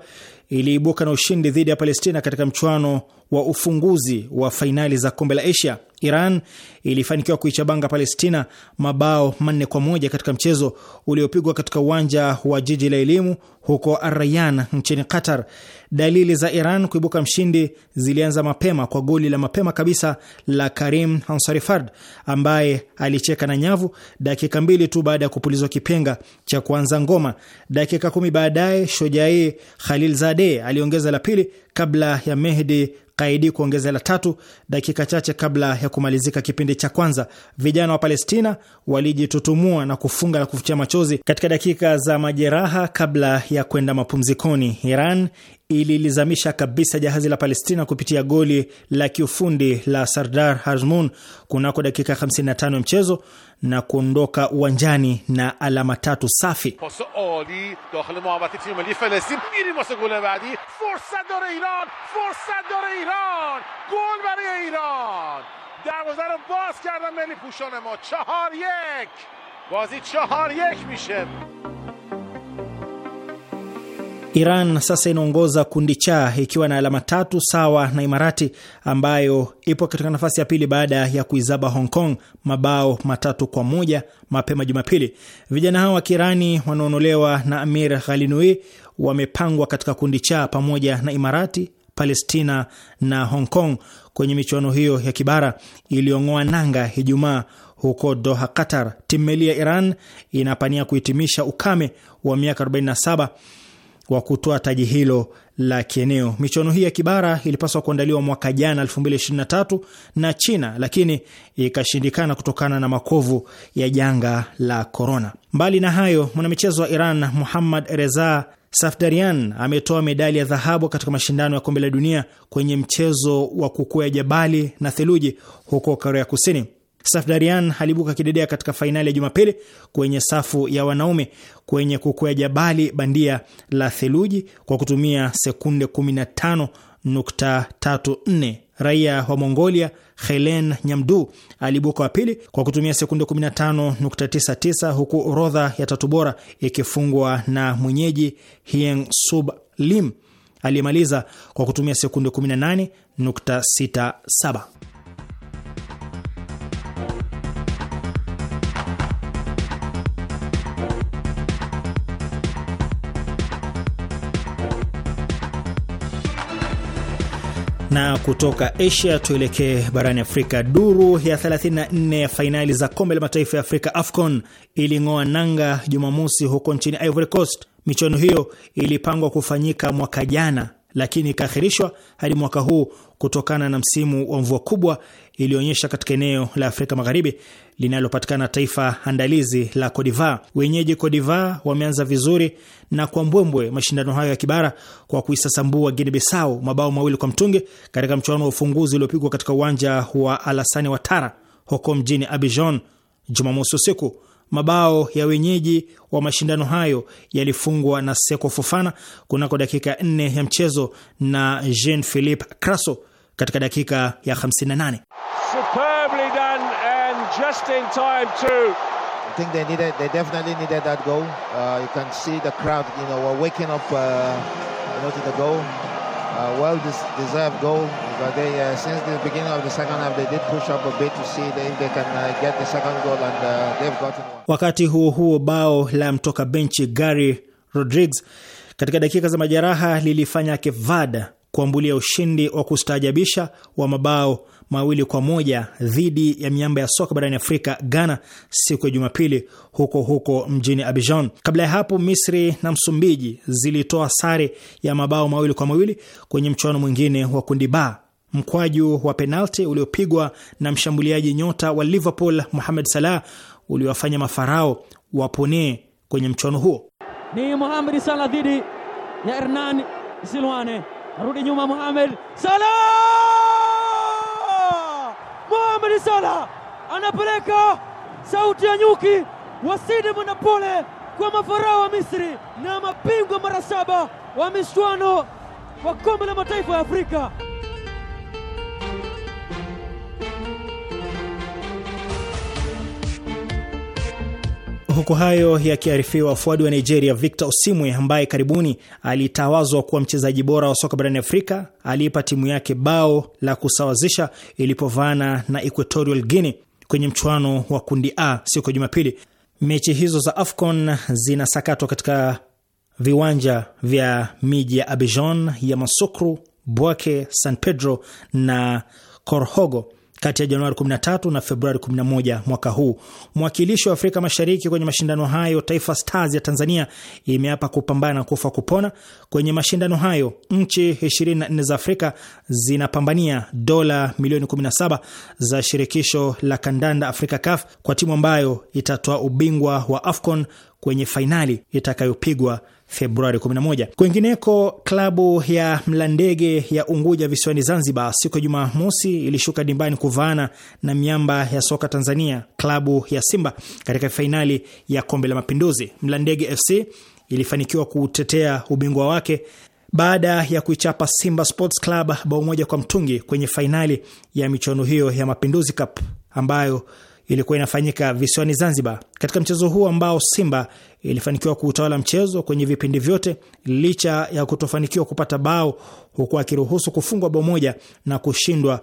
iliibuka na ushindi dhidi ya Palestina katika mchuano wa ufunguzi wa fainali za kombe la Asia. Iran ilifanikiwa kuichabanga Palestina mabao manne kwa moja katika mchezo uliopigwa katika uwanja wa jiji la elimu huko Arrayan nchini Qatar. Dalili za Iran kuibuka mshindi zilianza mapema kwa goli la mapema kabisa la Karim Ansarifard ambaye alicheka na nyavu dakika mbili tu baada ya kupulizwa kipenga cha kuanza ngoma. Dakika kumi baadaye Shojai Khalilzadeh aliongeza la pili kabla ya Mehdi Kaidi kuongeza la tatu dakika chache kabla ya kumalizika kipindi cha kwanza. Vijana wa Palestina walijitutumua na kufunga na kufutia machozi katika dakika za majeraha kabla ya kwenda mapumzikoni. Iran ililizamisha kabisa jahazi la Palestina kupitia goli la kiufundi la Sardar Hajmun kunako dakika 55 ya mchezo ن کندوک ونجنی ن علم تتو صافی پاس عالی داخل محبت تیم ملی فلستین بیری باس گل بعدی فرصت داره ایران فرصت داره ایران گل برای ایران دروازه رو باز کردم ملی پوشان ما چهار یک بازی چهار یک میشه Iran sasa inaongoza kundi cha ikiwa na alama tatu sawa na Imarati ambayo ipo katika nafasi ya pili baada ya kuizaba Hong Kong mabao matatu kwa moja mapema Jumapili. Vijana hao wa Kiirani wanaonolewa na Amir Ghalinui wamepangwa katika kundi cha pamoja na Imarati, Palestina na Hong Kong kwenye michuano hiyo ya kibara iliyong'oa nanga Ijumaa huko Doha, Qatar. Timu meli ya Iran inapania kuhitimisha ukame wa miaka 47 wa kutoa taji hilo la kieneo. Michuano hii ya kibara ilipaswa kuandaliwa mwaka jana 2023 na China, lakini ikashindikana kutokana na makovu ya janga la korona. Mbali na hayo, mwanamichezo wa Iran Muhammad Reza Safdarian ametoa medali ya dhahabu katika mashindano ya kombe la dunia kwenye mchezo wa kukwea jabali na theluji huko Korea Kusini. Safdarian alibuka kidedea katika fainali ya Jumapili kwenye safu ya wanaume kwenye kukwea jabali bandia la theluji kwa kutumia sekunde 15.34. Raia wa Mongolia Helen Nyamdu alibuka wa pili kwa kutumia sekunde 15.99, huku orodha ya tatu bora ikifungwa na mwenyeji hieng Sub Lim aliyemaliza kwa kutumia sekunde 18.67. Na kutoka Asia tuelekee barani Afrika. Duru ya 34 ya fainali za kombe la mataifa ya Afrika, AFCON, iling'oa nanga Jumamosi huko nchini Ivory Coast. Michuano hiyo ilipangwa kufanyika mwaka jana lakini ikaakhirishwa hadi mwaka huu kutokana na msimu wa mvua kubwa iliyoonyesha katika eneo la Afrika Magharibi linalopatikana taifa andalizi la Kodiva. Wenyeji Kodiva wameanza vizuri na kwa mbwembwe mashindano hayo ya kibara kwa kuisasambua Guinea Bissau mabao mawili kwa mtungi katika mchuano wa ufunguzi uliopigwa katika uwanja wa Alasani Watara huko mjini Abidjan Jumamosi usiku mabao ya wenyeji wa mashindano hayo yalifungwa na Seko Fofana kunako dakika 4 ya mchezo na Jean Philippe Crasso katika dakika ya 58 uh, well-deserved goal. But they, uh, since the beginning of the second half, they did push up a bit to see if they can uh, get the second goal and uh, they've gotten one. Wakati huo huo, bao la mtoka benchi Gary Rodriguez katika dakika za majeraha lilifanya Kevada kuambulia ushindi wa kustaajabisha wa mabao mawili kwa moja dhidi ya miamba ya soka barani Afrika, Ghana, siku ya Jumapili huko huko mjini Abidjan. Kabla ya hapo, Misri na Msumbiji zilitoa sare ya mabao mawili kwa mawili kwenye mchuano mwingine wa kundi ba mkwaju wa penalti uliopigwa na mshambuliaji nyota wa Liverpool Mohamed Salah uliowafanya mafarao waponee kwenye mchuano huo. Ni Mohamed Salah dhidi ya Hernan Silwane, rudi nyuma Mohamed Salah Mohamed Salah anapeleka sauti ya nyuki wasidi mwanapole kwa mafarao wa Misri na mabingwa mara saba wa michuano wa kombe la mataifa ya Afrika. Huku hayo yakiarifiwa, fuadi wa Nigeria Victor Osimwe ambaye karibuni alitawazwa kuwa mchezaji bora wa soka barani Afrika aliipa timu yake bao la kusawazisha ilipovaana na Equatorial Guinea kwenye mchuano wa kundi A siku ya Jumapili. Mechi hizo za AFCON zinasakatwa katika viwanja vya miji ya Abidjan, Yamoussoukro, Bouake, San Pedro na Korhogo kati ya Januari 13 na Februari 11 mwaka huu. Mwakilishi wa Afrika Mashariki kwenye mashindano hayo Taifa Stars ya Tanzania imeapa kupambana kufa kupona kwenye mashindano hayo. Nchi 24 za Afrika zinapambania dola milioni 17 za shirikisho la kandanda Afrika CAF kwa timu ambayo itatoa ubingwa wa AFCON kwenye fainali itakayopigwa Februari 11. Kwingineko, klabu ya Mlandege ya Unguja visiwani Zanzibar siku ya Jumamosi ilishuka dimbani kuvaana na miamba ya soka Tanzania, klabu ya Simba katika fainali ya Kombe la Mapinduzi. Mlandege FC ilifanikiwa kutetea ubingwa wake baada ya kuichapa Simba Sports Club bao moja kwa mtungi kwenye fainali ya michuano hiyo ya Mapinduzi Cup ambayo ilikuwa inafanyika visiwani Zanzibar. Katika mchezo huu ambao Simba ilifanikiwa kuutawala mchezo kwenye vipindi vyote licha ya kutofanikiwa kupata bao, huku akiruhusu kufungwa bao moja na kushindwa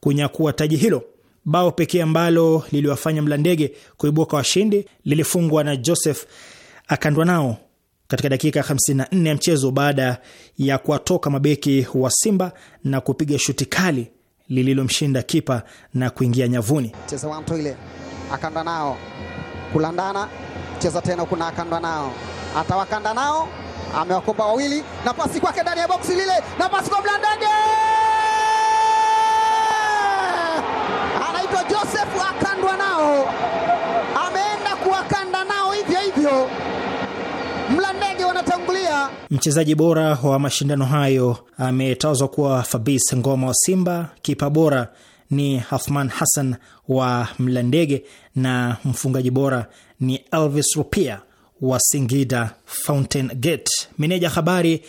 kunyakua taji hilo. Bao pekee ambalo liliwafanya Mlandege kuibuka washindi lilifungwa na Joseph Akandwanao katika dakika 54 ya mchezo baada ya kuwatoka mabeki wa Simba na kupiga shuti kali lililomshinda kipa na kuingia nyavuni. Cheza Wantwile akanda nao kulandana, cheza tena kuna akanda nao atawakanda nao, amewakomba wawili, nafasi kwake ndani ya boksi lile, nafasi kwa Mlandege Mchezaji bora wa mashindano hayo ametawazwa kuwa Fabis Ngoma wa Simba, kipa bora ni Hathman Hassan wa Mlandege na mfungaji bora ni Elvis Rupia wa Singida Fountain Gate. Meneja habari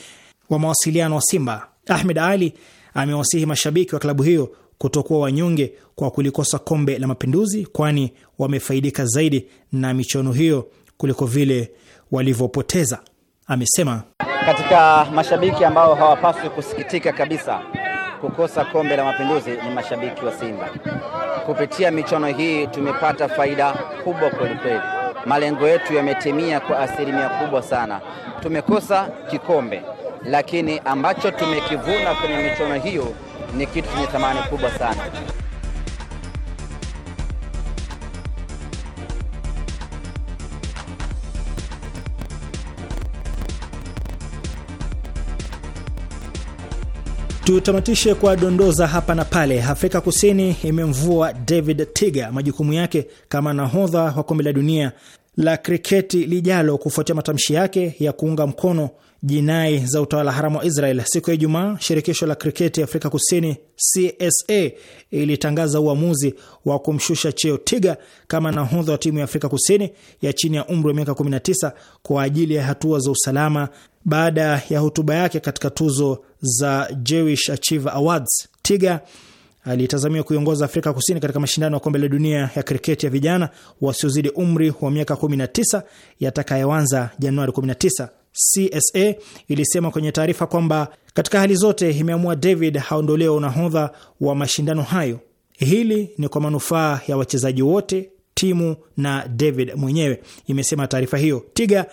wa mawasiliano wa Simba Ahmed Ali amewasihi mashabiki wa klabu hiyo kutokuwa wanyonge kwa kulikosa kombe la Mapinduzi, kwani wamefaidika zaidi na michuano hiyo kuliko vile walivyopoteza amesema katika mashabiki ambao hawapaswi kusikitika kabisa kukosa kombe la mapinduzi ni mashabiki wa Simba. Kupitia michuano hii tumepata faida kubwa kwelikweli, malengo yetu yametimia kwa asilimia kubwa sana. Tumekosa kikombe, lakini ambacho tumekivuna kwenye michuano hiyo ni kitu chenye thamani kubwa sana. Tutamatishe kwa dondoza hapa na pale. Afrika Kusini imemvua David Tiga majukumu yake kama nahodha wa kombe la dunia la kriketi lijalo kufuatia matamshi yake ya kuunga mkono jinai za utawala haramu wa Israel. Siku ya Ijumaa, shirikisho la kriketi Afrika Kusini CSA ilitangaza uamuzi wa kumshusha cheo Tiga kama nahodha wa timu ya Afrika Kusini ya chini ya umri wa miaka 19 kwa ajili ya hatua za usalama baada ya hotuba yake katika tuzo za Jewish Achiever Awards. Tiga alitazamiwa kuiongoza Afrika Kusini katika mashindano ya kombe la dunia ya kriketi ya vijana wasiozidi umri wa miaka 19 yatakayoanza Januari 19. CSA ilisema kwenye taarifa kwamba katika hali zote imeamua David haondolewe unahodha wa mashindano hayo. Hili ni kwa manufaa ya wachezaji wote, timu na David mwenyewe, imesema taarifa hiyo. Tiga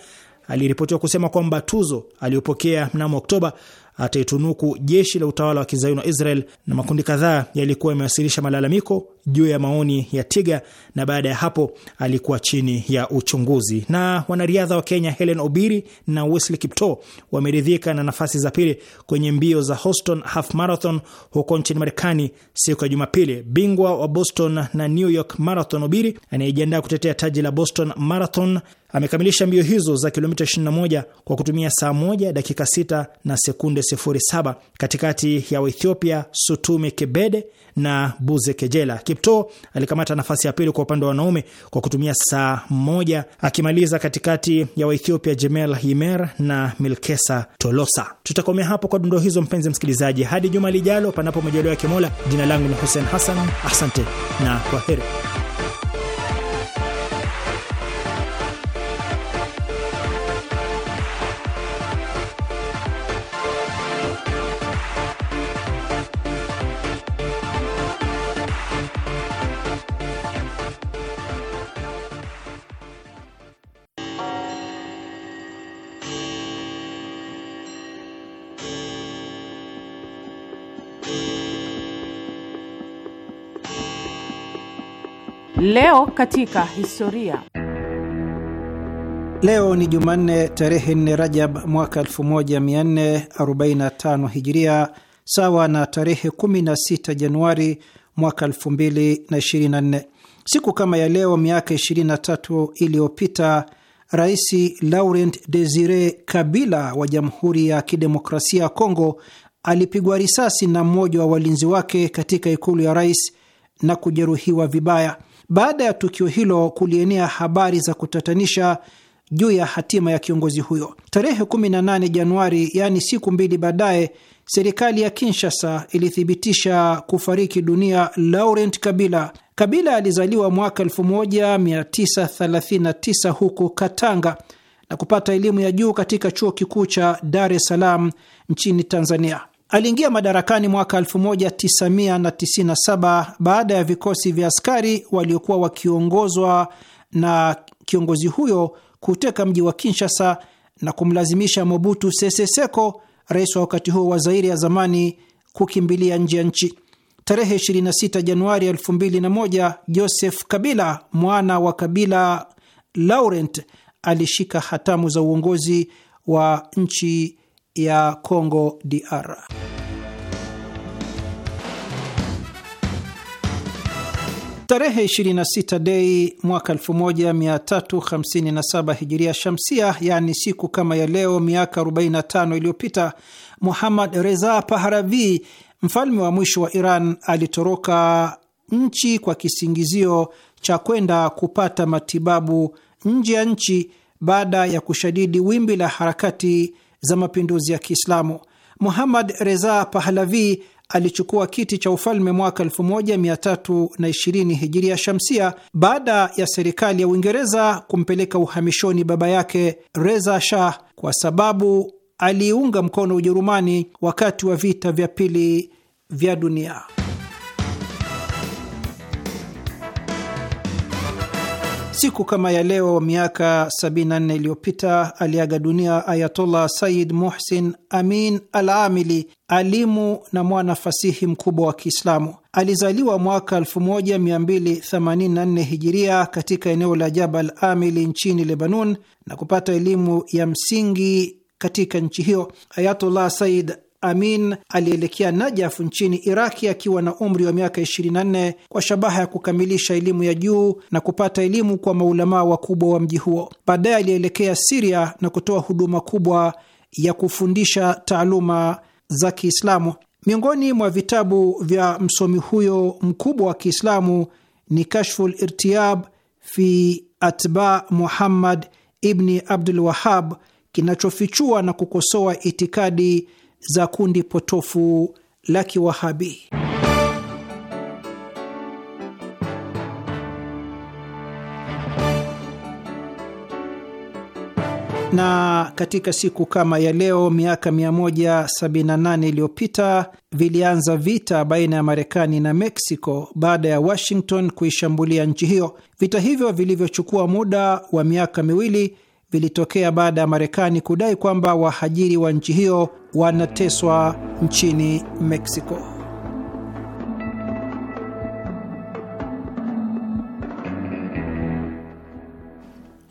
aliripotiwa kusema kwamba tuzo aliyopokea mnamo Oktoba ataitunuku jeshi la utawala wa kizayuni wa Israel, na makundi kadhaa yalikuwa yamewasilisha malalamiko juu ya maoni ya Tiga, na baada ya hapo alikuwa chini ya uchunguzi. Na wanariadha wa Kenya Helen Obiri na Wesley Kipto wameridhika na nafasi za pili kwenye mbio za Houston Half Marathon huko nchini Marekani siku ya Jumapili. Bingwa wa Boston na New York Marathon Obiri anayejiandaa kutetea taji la Boston Marathon amekamilisha mbio hizo za kilomita 21 kwa kutumia saa moja dakika 6 na sekunde 07 katikati ya Waethiopia Sutume Kebede na Buze Kejela. Kipto alikamata nafasi ya pili kwa upande wa wanaume kwa kutumia saa 1 akimaliza katikati ya Waethiopia Jemel Himer na Milkesa Tolosa. Tutakomea hapo kwa dondoo hizo, mpenzi msikilizaji, hadi juma lijalo, panapo majaliwa ya Kimola. Jina langu ni Hussein Hassan, asante na kwa heri Leo katika historia. Leo ni Jumanne tarehe 4 Rajab mwaka 1445 Hijiria, sawa na tarehe 16 Januari mwaka 2024. Siku kama ya leo miaka 23 iliyopita Rais Laurent Desire Kabila wa Jamhuri ya Kidemokrasia ya Kongo alipigwa risasi na mmoja wa walinzi wake katika ikulu ya rais na kujeruhiwa vibaya. Baada ya tukio hilo, kulienea habari za kutatanisha juu ya hatima ya kiongozi huyo. Tarehe 18 Januari, yaani siku mbili baadaye, serikali ya Kinshasa ilithibitisha kufariki dunia Laurent Kabila. Kabila alizaliwa mwaka 1939 huko Katanga na kupata elimu ya juu katika chuo kikuu cha Dar es Salaam nchini Tanzania. Aliingia madarakani mwaka 1997 baada ya vikosi vya askari waliokuwa wakiongozwa na kiongozi huyo kuteka mji wa Kinshasa na kumlazimisha Mobutu Sese Seko, rais wa wakati huo wa Zairi ya zamani, kukimbilia nje ya nchi. Tarehe 26 Januari 2001, Joseph Kabila, mwana wa Kabila Laurent, alishika hatamu za uongozi wa nchi ya Congo DR. Tarehe 26 Dei mwaka 1357 hijiria shamsia, yaani siku kama ya leo miaka 45 iliyopita, Muhammad Reza Paharavi, mfalme wa mwisho wa Iran, alitoroka nchi kwa kisingizio cha kwenda kupata matibabu nje ya nchi baada ya kushadidi wimbi la harakati za mapinduzi ya Kiislamu. Muhammad Reza Pahlavi alichukua kiti cha ufalme mwaka 1320 hijiria shamsia baada ya serikali ya Uingereza kumpeleka uhamishoni baba yake Reza Shah kwa sababu aliiunga mkono Ujerumani wakati wa vita vya pili vya dunia. Siku kama ya leo miaka 74 iliyopita aliaga dunia Ayatollah sayid Muhsin Amin Al-Amili, alimu na mwana fasihi mkubwa wa Kiislamu. Alizaliwa mwaka 1284 hijiria katika eneo la Jabal Amili nchini Lebanon na kupata elimu ya msingi katika nchi hiyo. Ayatollah Sayyid Amin alielekea Najafu nchini Iraki akiwa na umri wa miaka 24 kwa shabaha ya kukamilisha elimu ya juu na kupata elimu kwa maulamaa wakubwa wa, mji huo. Baadaye alielekea Siria na kutoa huduma kubwa ya kufundisha taaluma za Kiislamu. Miongoni mwa vitabu vya msomi huyo mkubwa wa Kiislamu ni Kashful Irtiab fi Atba Muhammad ibni Abdul Wahab, kinachofichua na kukosoa itikadi za kundi potofu la Kiwahabi. Na katika siku kama ya leo miaka 178 iliyopita vilianza vita baina ya Marekani na Meksiko baada ya Washington kuishambulia nchi hiyo. Vita hivyo vilivyochukua muda wa miaka miwili vilitokea baada ya Marekani kudai kwamba wahajiri wa nchi hiyo wanateswa nchini Meksiko.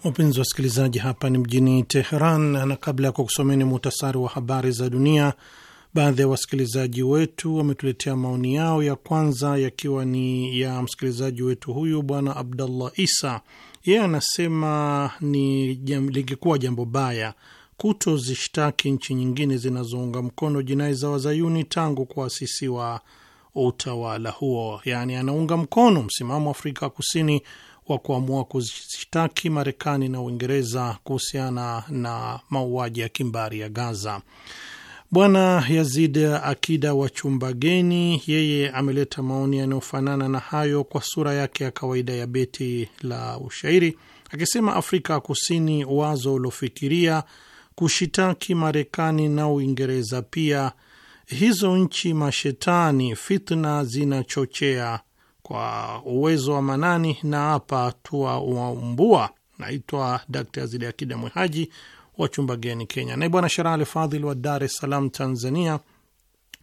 Wapenzi wasikilizaji, hapa ni mjini Teheran, na kabla ya kukusomeni muhtasari wa habari za dunia, baadhi ya wasikilizaji wetu wametuletea maoni yao, ya kwanza yakiwa ni ya msikilizaji wetu huyu Bwana Abdallah Isa yeye anasema ni jam, lingekuwa jambo baya kutozishtaki nchi nyingine zinazounga mkono jinai za wazayuni tangu kuasisiwa utawala huo. Yaani anaunga mkono msimamo wa Afrika Kusini wa kuamua kuzishtaki Marekani na Uingereza kuhusiana na mauaji ya kimbari ya Gaza. Bwana Yazid Akida wa Chumbageni yeye ameleta maoni yanayofanana na hayo kwa sura yake ya kawaida ya beti la ushairi akisema, Afrika Kusini wazo uliofikiria kushitaki Marekani na Uingereza pia hizo nchi mashetani fitna zinachochea kwa uwezo wa manani na hapa tuwaumbua. Naitwa Dkt Azidi Akida Mwehaji wa geni Kenya. Naye bwana Sherah Alfadhil wa Dar es Salaam, Tanzania,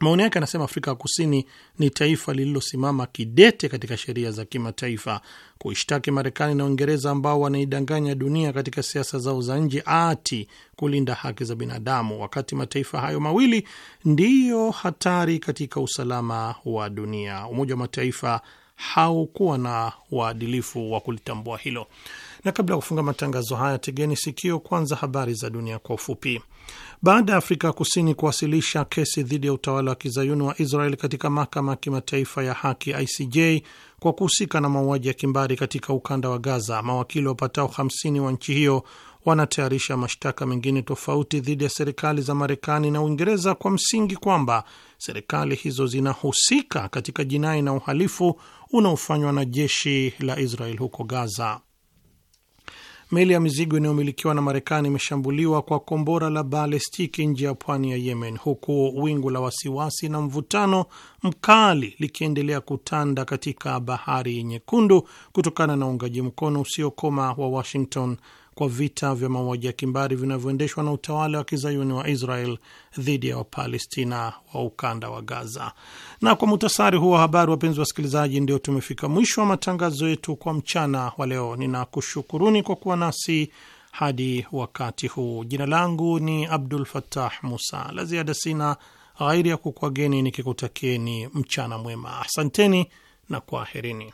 maoni yake anasema Afrika ya Kusini ni taifa lililosimama kidete katika sheria za kimataifa kuishtaki Marekani na Uingereza ambao wanaidanganya dunia katika siasa zao za nje ati kulinda haki za binadamu, wakati mataifa hayo mawili ndiyo hatari katika usalama wa dunia. Umoja wa Mataifa haukuwa na uadilifu wa kulitambua hilo. Na kabla ya kufunga matangazo haya, tegeni sikio kwanza habari za dunia kwa ufupi. Baada ya Afrika Kusini kuwasilisha kesi dhidi ya utawala wa kizayuni wa Israel katika mahakama ya kimataifa ya haki ICJ kwa kuhusika na mauaji ya kimbari katika ukanda wa Gaza, mawakili wapatao 50 wa nchi hiyo wanatayarisha mashtaka mengine tofauti dhidi ya serikali za Marekani na Uingereza kwa msingi kwamba serikali hizo zinahusika katika jinai na uhalifu unaofanywa na jeshi la Israel huko Gaza. Meli ya mizigo inayomilikiwa na Marekani imeshambuliwa kwa kombora la balestiki nje ya pwani ya Yemen, huku wingu la wasiwasi na mvutano mkali likiendelea kutanda katika Bahari Nyekundu kutokana na uungaji mkono usiokoma wa Washington kwa vita vya mauaji ya kimbari vinavyoendeshwa na utawala wa kizayuni wa Israel dhidi ya Wapalestina wa ukanda wa Gaza. Na kwa mutasari huo wa habari, wapenzi wa wasikilizaji, ndio tumefika mwisho wa matangazo yetu kwa mchana wa leo. Ninakushukuruni kwa kuwa nasi hadi wakati huu. Jina langu ni Abdul fatah Musa. La ziada sina ghairi ya kukwageni nikikutakieni mchana mwema. Asanteni na kwaherini.